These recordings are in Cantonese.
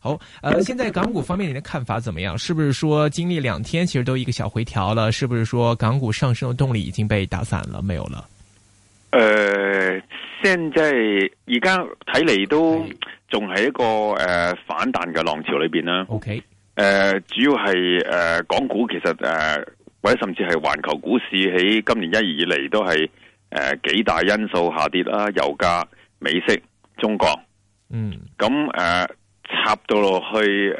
好，呃，現在港股方面，你的看法怎麼樣？是不是說經歷兩天，其實都一個小回調了？是不是說港股上升的動力已經被打散了，沒有了？誒、呃，現在而家睇嚟都仲係一個誒、呃、反彈嘅浪潮裏邊啦。OK，誒、呃，主要係誒、呃、港股其實誒或者甚至係環球股市喺今年一二以嚟都係誒、呃、幾大因素下跌啦，油價、美息、中國，嗯，咁、嗯、誒。呃插到落去，誒，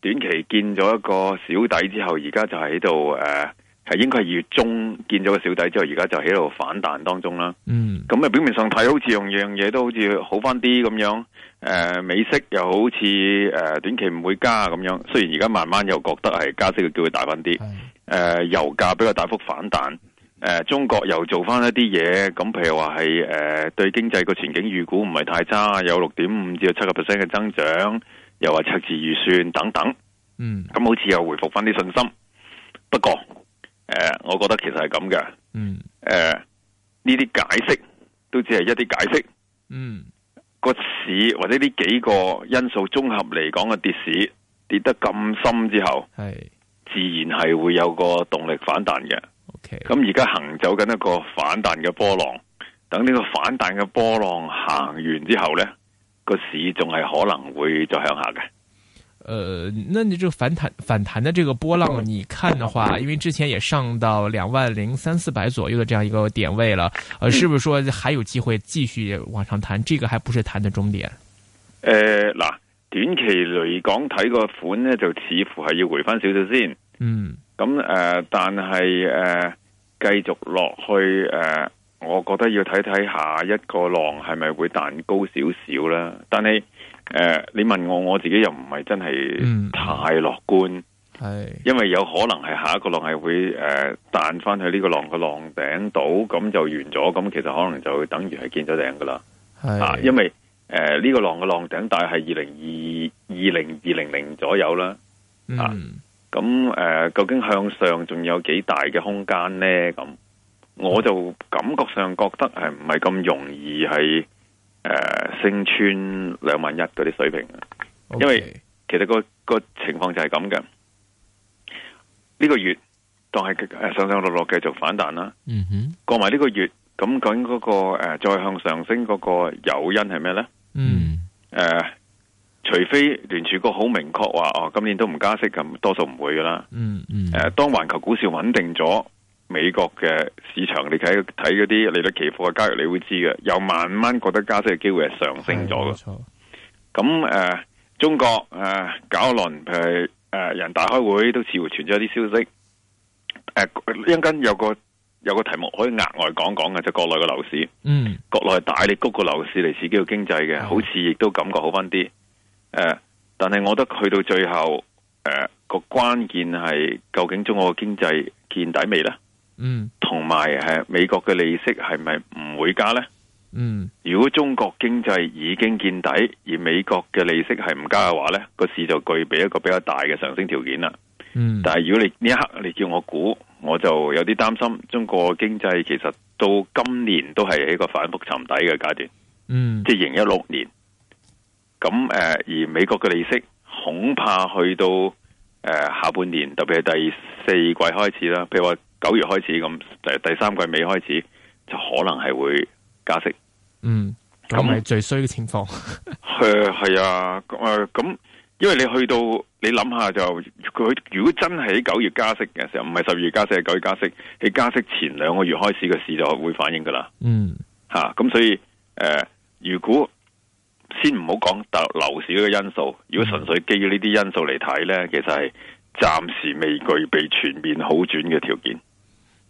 短期見咗一個小底之後，而家就喺度，誒、呃，係應該係二月中見咗個小底之後，而家就喺度反彈當中啦。嗯，咁啊，表面上睇好似樣樣嘢都好似好翻啲咁樣，誒、呃，美息又好似誒、呃、短期唔會加咁樣，雖然而家慢慢又覺得係加息嘅機會大翻啲，誒、呃，油價比較大幅反彈。誒、呃，中國又做翻一啲嘢，咁譬如話係誒對經濟個前景預估唔係太差，有六點五至到七個 percent 嘅增長，又話赤字預算等等，嗯，咁好似又回復翻啲信心。不過，誒、呃，我覺得其實係咁嘅，嗯，誒呢啲解釋都只係一啲解釋，嗯，個市或者呢幾個因素綜合嚟講嘅跌市跌得咁深之後，係自然係會有個動力反彈嘅。咁而家行走緊一個反彈嘅波浪，等呢個反彈嘅波浪行完之後呢，個市仲係可能會再向下嘅。誒、呃，那你這個反彈反彈的這個波浪，你看的話，因為之前也上到兩萬零三四百左右的這樣一個點位了，而、呃、是不是說還有機會繼續往上彈？嗯、這個還不是彈的終點。誒、呃，嗱，短期嚟講睇個款呢，就似乎係要回翻少少先。嗯。咁、嗯、誒、呃，但係誒，繼、呃、續落去誒、呃，我覺得要睇睇下一個浪係咪會彈高少少啦。但係誒、呃，你問我我自己又唔係真係太樂觀，係、嗯、因為有可能係下一個浪係會誒彈翻去呢個浪嘅浪頂度，咁就完咗。咁其實可能就會等於係見咗頂噶啦，啊，因為誒呢、呃這個浪嘅浪頂大係二零二二零二零零左右啦、嗯，啊。咁誒、呃，究竟向上仲有幾大嘅空間呢？咁我就感覺上覺得係唔係咁容易係誒、呃、升穿兩萬一嗰啲水平，okay. 因為其實、那個個情況就係咁嘅。呢、這個月當係誒上上落落繼續反彈啦。嗯哼，過埋呢個月咁，究竟嗰、那個誒、呃、再向上升嗰個誘因係咩呢？嗯、mm -hmm. 呃，誒。除非聯儲局好明確話哦，今年都唔加息咁，多數唔會噶啦。嗯嗯。啊、當環球股市穩定咗，美國嘅市場你睇睇嗰啲利率期貨嘅交易，你會知嘅。又慢慢覺得加息嘅機會係上升咗嘅。咁、啊、中國搞一輪人大開會，都似乎傳咗一啲消息。誒、啊，一陣間有個有個題目可以額外講講嘅，就、國內嘅樓市。嗯。國內大力谷個樓市嚟刺激個經濟嘅、嗯，好似亦都感覺好翻啲。啊、但係我覺得去到最後，誒、啊、個關鍵係究竟中國嘅經濟見底未呢？嗯，同埋係美國嘅利息係咪唔會加呢？嗯，如果中國經濟已經見底，而美國嘅利息係唔加嘅話，呢個市就具備一個比較大嘅上升條件啦、嗯。但係如果你呢一刻你叫我估，我就有啲擔心，中國經濟其實到今年都係一個反覆沉底嘅階段。嗯、即係二零一六年。咁誒，而美國嘅利息恐怕去到誒下半年，特別係第四季開始啦，譬如話九月開始咁，第第三季尾開始就可能係會加息。嗯，咁係最衰嘅情況。誒， 係啊，誒、呃，咁因為你去到你諗下就佢如果真係喺九月加息嘅時候，唔係十二月加息，係九月加息，你加息前兩個月開始嘅市就會反應噶啦。嗯，吓、啊，咁所以誒、呃，如果先唔好講大陸樓市嗰個因素，如果純粹基於呢啲因素嚟睇呢，其實係暫時未具備全面好轉嘅條件。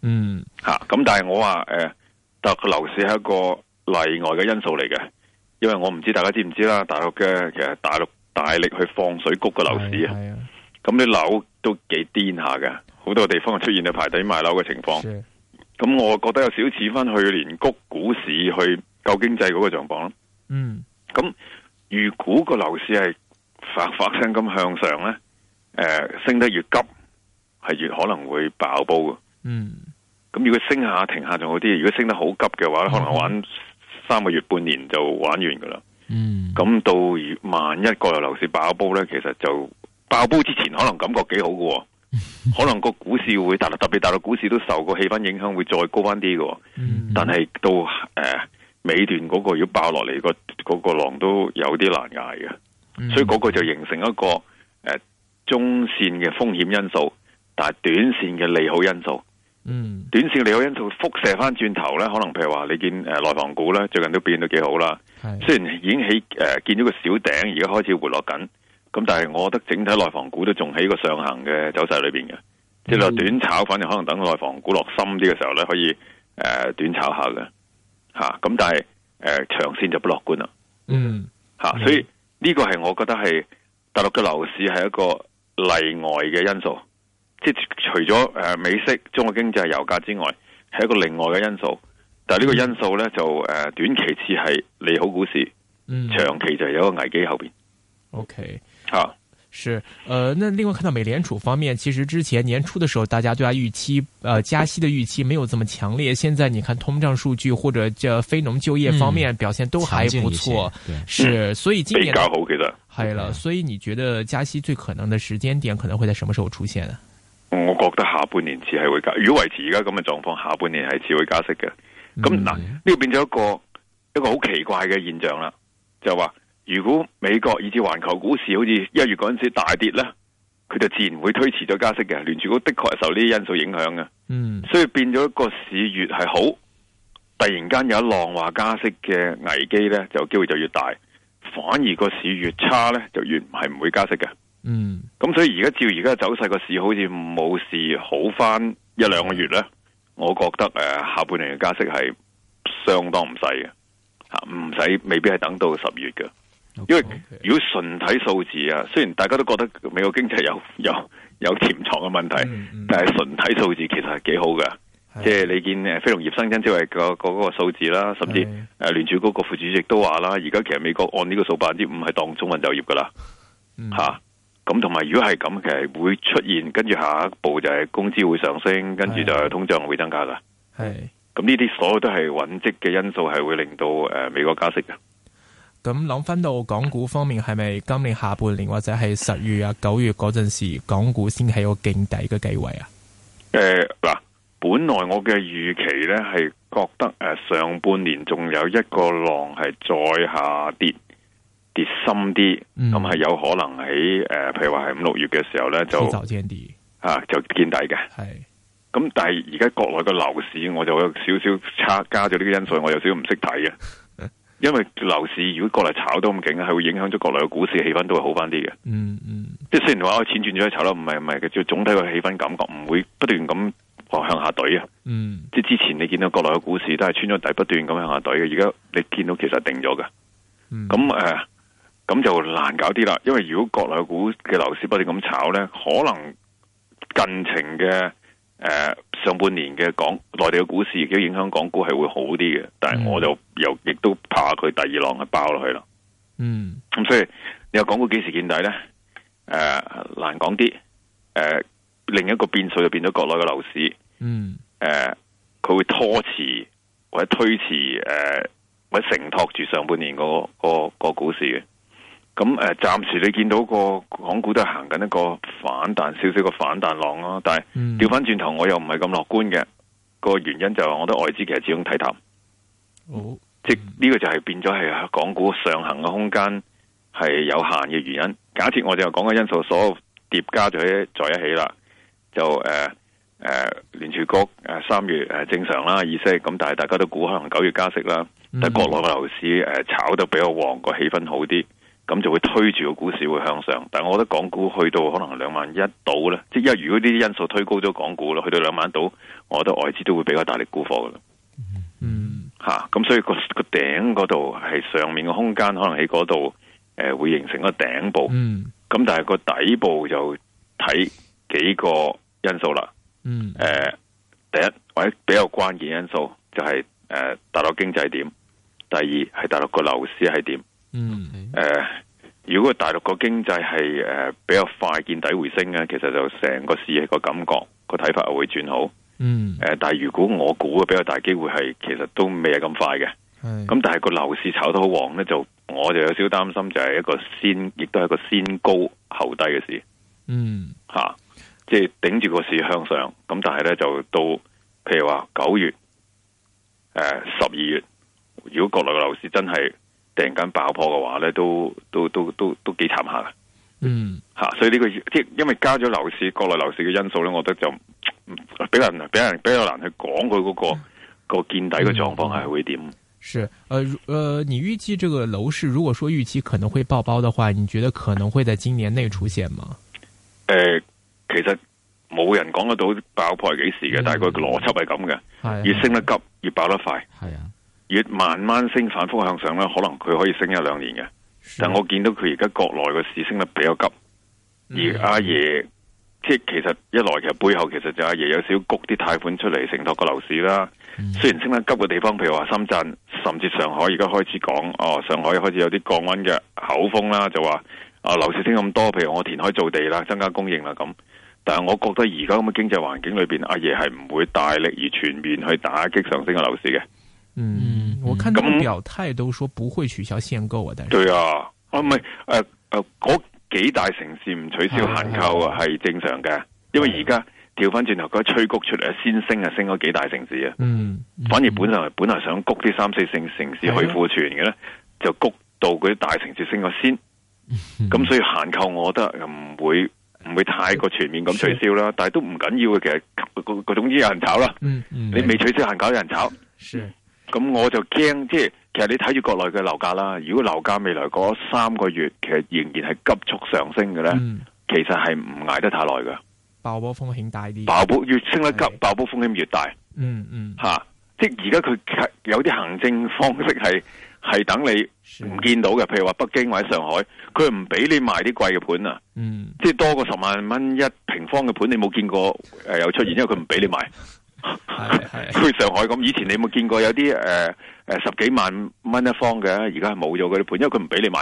嗯，吓、啊、咁，但係我話誒，大陸、呃、樓市係一個例外嘅因素嚟嘅，因為我唔知大家知唔知啦，大陸嘅其實大陸大力去放水谷嘅樓市啊，咁啲樓都幾癲下嘅，好多地方出現咗排隊賣樓嘅情況，咁、啊、我覺得有少似翻去年谷股市去救經濟嗰個狀況咯。嗯。咁如果個樓市係發發聲咁向上咧，誒、呃，升得越急，係越可能會爆煲的。嗯，咁如果升下停下仲好啲，如果升得好急嘅話可能玩三個月半年就玩完噶啦。嗯，咁到萬一個樓市爆煲咧，其實就爆煲之前可能感覺幾好噶， 可能個股市會特特別大陸股市都受個氣氛影響會再高翻啲噶，但係到誒。呃尾段嗰個要爆落嚟、那個嗰個浪都有啲難挨嘅，嗯、所以嗰個就形成一個誒、呃、中線嘅風險因素，但係短線嘅利好因素，嗯，短線利好因素輻射翻轉頭咧，可能譬如話你見誒內房股咧最近都變到幾好啦，雖然已經起誒見咗個小頂，而家開始回落緊，咁但係我覺得整體內房股都仲喺個上行嘅走勢裏邊嘅，即係你話短炒反而可能等內房股落深啲嘅時候咧，可以誒、呃、短炒下嘅。吓、啊、咁但係誒、呃、長線就不樂觀啦，嗯吓、啊、所以呢個係我覺得係大陸嘅樓市係一個例外嘅因素，即係除咗誒美息、中國經濟、油價之外，係一個另外嘅因素。但係呢個因素咧就誒短期似係利好股市，嗯長期就係一個危機後邊。O K 吓。是，呃，那另外看到美聯儲方面，其實之前年初的時候，大家對它預期，呃，加息的預期沒有這麼強烈。現在你看通脹數據或者這非農就業方面表現都還不錯，嗯、是、嗯，所以今年比較好，其實係啦，了。所以你覺得加息最可能的時間點可能會在什麼時候出現呢、啊？我覺得下半年才係會加，如果維持而家咁嘅狀況，下半年係只會加息嘅。咁嗱，呢個變咗一個一個好奇怪嘅現象啦，就係話。如果美國以至環球股市好似一月嗰陣時大跌咧，佢就自然會推遲咗加息嘅。聯儲局的確係受呢啲因素影響嘅、嗯，所以變咗個市越係好，突然間有一浪話加息嘅危機咧，就機會就越大。反而個市越差咧，就越係唔會加息嘅。嗯，咁所以而家照而家走勢，個市好似冇事好翻一兩個月咧，我覺得誒下半年嘅加息係相當唔細嘅，吓唔使未必係等到十月嘅。Okay, okay. 因為如果純睇數字啊，雖然大家都覺得美國經濟有有有潛藏嘅問題，嗯嗯、但係純睇數字其實係幾好嘅。即係你見非農業新增即係個嗰、那個數字啦，甚至誒、啊、聯儲局個副主席都話啦，而家其實美國按呢個數百分之五係當中民就業噶啦，吓咁同埋如果係咁，其實會出現跟住下一步就係工資會上升，跟住就係通脹會增加噶。係咁呢啲所有都係穩積嘅因素，係會令到誒、呃、美國加息嘅。咁諗翻到港股方面，係咪今年下半年或者係十月啊、九月嗰陣時，港股先係個勁底嘅幾位啊？誒，嗱，本來我嘅預期咧係覺得誒上半年仲有一個浪係再下跌跌深啲，咁、嗯、係有可能喺誒、呃，譬如話係五六月嘅時候咧就見底，就見、啊、底嘅。係，咁但係而家國內嘅樓市，我就有少少差加咗呢個因素，我有少少唔識睇。因為樓市如果過嚟炒到咁勁，係會影響咗國內嘅股市氣氛，都會好翻啲嘅。嗯嗯，即係雖然話啲、哎、錢轉咗去炒啦，唔係唔係嘅，就是、總體個氣氛感覺唔會不斷咁向下懟啊。嗯，即係之前你見到國內嘅股市都係穿咗底，不斷咁向下懟嘅，而家你見到其實定咗嘅。咁、嗯、誒，咁、呃、就難搞啲啦。因為如果國內嘅股嘅樓市不斷咁炒咧，可能近程嘅。誒、呃，上半年嘅港內地嘅股市，亦都影響港股係會好啲嘅，但係我就又亦都怕佢第二浪係爆落去啦。Mm. 嗯，咁所以你又、這個、港股幾時見底咧？誒、呃，難講啲。誒、呃，另一個變數就變咗國內嘅樓市。嗯、mm. 呃，誒，佢會拖遲或者推遲，誒、呃，或者承托住上半年嗰、那個、那個股市嘅。咁誒，暫、呃、時你見到個港股都係行緊一個反彈少少個反彈浪咯，但係調翻轉頭我又唔係咁樂觀嘅，那個原因就係我覺得外資其實始終睇淡，哦、嗯，即呢、這個就係變咗係港股上行嘅空間係有限嘅原因。假設我哋又講嘅因素所有疊加咗在一一起啦，就誒誒，聯、呃、儲、呃、局誒、呃、三月誒、呃、正常啦，意思咁，但係大家都估可能九月加息啦，嗯、但係國內嘅樓市誒、呃、炒得比較旺，個氣氛好啲。咁就會推住個股市會向上，但係我覺得港股去到可能兩萬一度咧，即係如果呢啲因素推高咗港股去到兩萬一度，我覺得外資都會比較大力沽貨噶啦。嗯，吓、啊，咁所以個個頂嗰度係上面個空間可能喺嗰度，誒、呃、會形成個頂部。咁、嗯、但係個底部就睇幾個因素啦。嗯，誒、呃，第一或者比較關鍵因素就係、是、誒、呃、大陸經濟點，第二係大陸個樓市係點。嗯，誒、呃，如果大陸個經濟係誒比較快見底回升咧，其實就成個市嘅個感覺個睇法，又會轉好。嗯，誒、呃，但係如果我估嘅比較大機會係，其實都未係咁快嘅。咁但係個樓市炒得好旺咧，就我就有少擔心就係一個先，亦都係一個先高後低嘅市。嗯，吓、啊，即係頂住個市向上，咁但係咧就到譬如話九月，誒十二月，如果國內嘅樓市真係。然間爆破嘅話咧，都都都都都幾慘下嘅。嗯、吓、啊，所以呢、這個即係因為加咗樓市，國內樓市嘅因素咧，我覺得就比較、比較、比較難去講佢嗰個、啊、個見底嘅狀況係會點、嗯。是，誒、呃、誒、呃，你預計這個樓市如果說預期可能會爆煲嘅話，你覺得可能會在今年內出現嗎？誒、呃，其實冇人講得到爆破係幾時嘅，但係個邏輯係咁嘅，越升得急越爆得快，係、嗯、啊。嗯嗯嗯越慢慢升，反覆向上咧，可能佢可以升一兩年嘅。但我見到佢而家國內個市升得比較急，嗯、而阿爺即係其實一來其實背後其實就阿爺有少少谷啲貸款出嚟，承托個樓市啦、嗯。雖然升得急嘅地方，譬如話深圳，甚至上海，而家開始講哦，上海開始有啲降温嘅口風啦，就話啊樓市升咁多，譬如我填海造地啦，增加供應啦咁。但係我覺得而家咁嘅經濟環境裏邊，阿爺係唔會大力而全面去打擊上升嘅樓市嘅。嗯，嗯，我睇表態都說不會取消限購啊，嗯、但係對啊，啊唔係誒誒嗰幾大城市唔取消限購啊係、啊、正常嘅、啊，因為而家調翻轉頭佢啲吹谷出嚟先升啊，升咗幾大城市啊，嗯，反而本嚟本嚟想谷啲三四線城市去庫存嘅咧，就谷到嗰啲大城市升咗先，咁、嗯、所以限購我覺得唔會唔會太過全面咁取消啦、嗯嗯，但係都唔緊要嘅，其實總之有人炒啦、嗯嗯，你未取消限購有人炒，嗯咁我就驚，即係其實你睇住國內嘅樓價啦。如果樓價未來嗰三個月其實仍然係急速上升嘅咧，嗯，其實係唔捱得太耐㗎。爆煲風險大啲，爆煲越升得急，爆煲風險越大。嗯嗯，吓，啊，即係而家佢有啲行政方式係係等你唔見到嘅，譬如話北京或者上海，佢唔俾你賣啲貴嘅盤啊。嗯，即係多過十萬蚊一平方嘅盤，你冇見過誒，呃，有出現，因為佢唔俾你賣。係係去上海咁，以前你有冇見過有啲誒誒十幾萬蚊一方嘅，而家係冇咗嗰啲盤，因為佢唔俾你賣。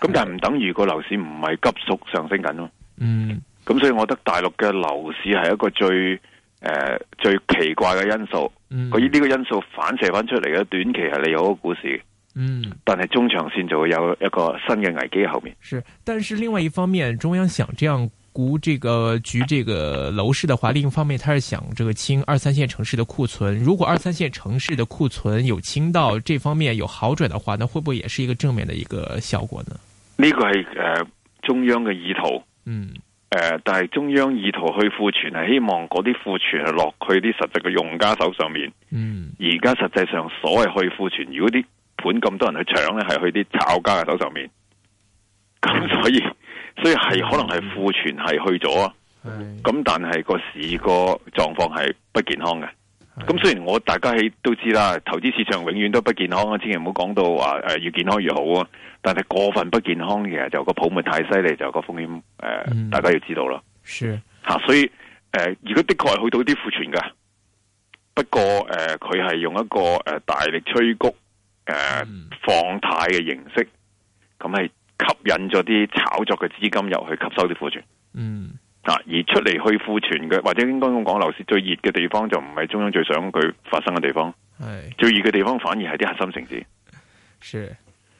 咁， 但係唔等於個樓市唔係急速上升緊咯。嗯，咁所以我覺得大陸嘅樓市係一個最誒、呃、最奇怪嘅因素。嗯、佢、這、呢個因素反射翻出嚟嘅，短期係利好股市。嗯，但係中長線就會有一個新嘅危機喺後面。但是另外一方面，中央想這樣。估這個局，這個樓市的話，另一方面，他是想這個清二三線城市的庫存。如果二三線城市的庫存有清到，這方面有好轉的話，那會不會也是一個正面的一個效果呢？呢、呢個係誒、呃、中央嘅意圖，嗯誒、呃，但係中央意圖去庫存係希望嗰啲庫存係落去啲實際嘅用家手上面，嗯，而家實際上所謂去庫存，如果啲盤咁多人去搶呢，係去啲炒家嘅手上面，咁所以。所以係可能係庫存係去咗啊，咁但係個市個狀況係不健康嘅。咁雖然我大家都知啦，投資市場永遠都不健康啊，千祈唔好講到話誒、呃、越健康越好啊。但係過分不健康嘅就個泡沫太犀利，就個風險誒、呃嗯，大家要知道咯。吓、啊，所以誒、呃，如果的確係去到啲庫存嘅，不過誒，佢、呃、係用一個誒大力催谷誒、呃嗯、放貸嘅形式，咁係。吸引咗啲炒作嘅資金入去吸收啲庫存，嗯啊，而出嚟去庫存嘅，或者應該咁講，樓市最熱嘅地方就唔係中央最想佢發生嘅地方，唉，最熱嘅地方反而係啲核心城市。是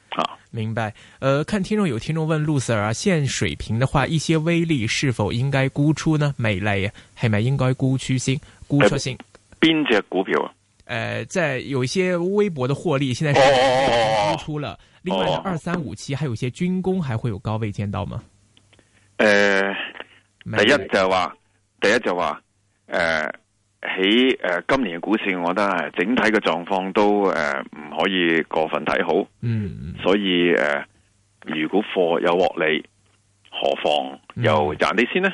啊，明白。呃，看聽眾有聽眾問陸 Sir 啊，現水平的話，一些微利是否應該沽出呢？美麗係咪應該沽出先？沽出先？邊隻股票啊？誒、呃，在有一些微薄嘅獲利，現在是、哦、沽出啦另外二三五七還有些軍工還會有高位見到嗎？誒、哦呃，第一就係話，第一就話，誒喺誒今年嘅股市，我覺得係整體嘅狀況都誒唔、呃、可以過分睇好。嗯所以誒、呃，如果貨有獲利，何妨又賺啲先咧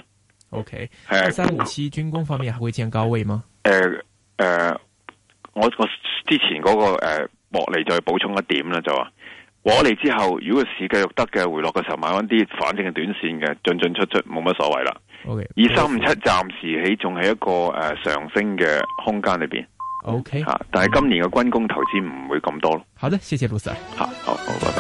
？O K。誒、嗯 okay, 呃，二三五七軍工方面還會見高位嗎？誒、呃、誒、呃，我我之前嗰、那個誒、呃、獲利再補充一點啦，就話。我嚟之後，如果市繼續得嘅回落嘅時候，買翻啲，反正嘅短線嘅進進出出冇乜所謂啦。二三五七暫時起仲係一個誒、呃、上升嘅空間裏邊。O K，吓，但係今年嘅軍工投資唔會咁多咯、okay.。好的，謝謝老 s 吓，好好，拜拜。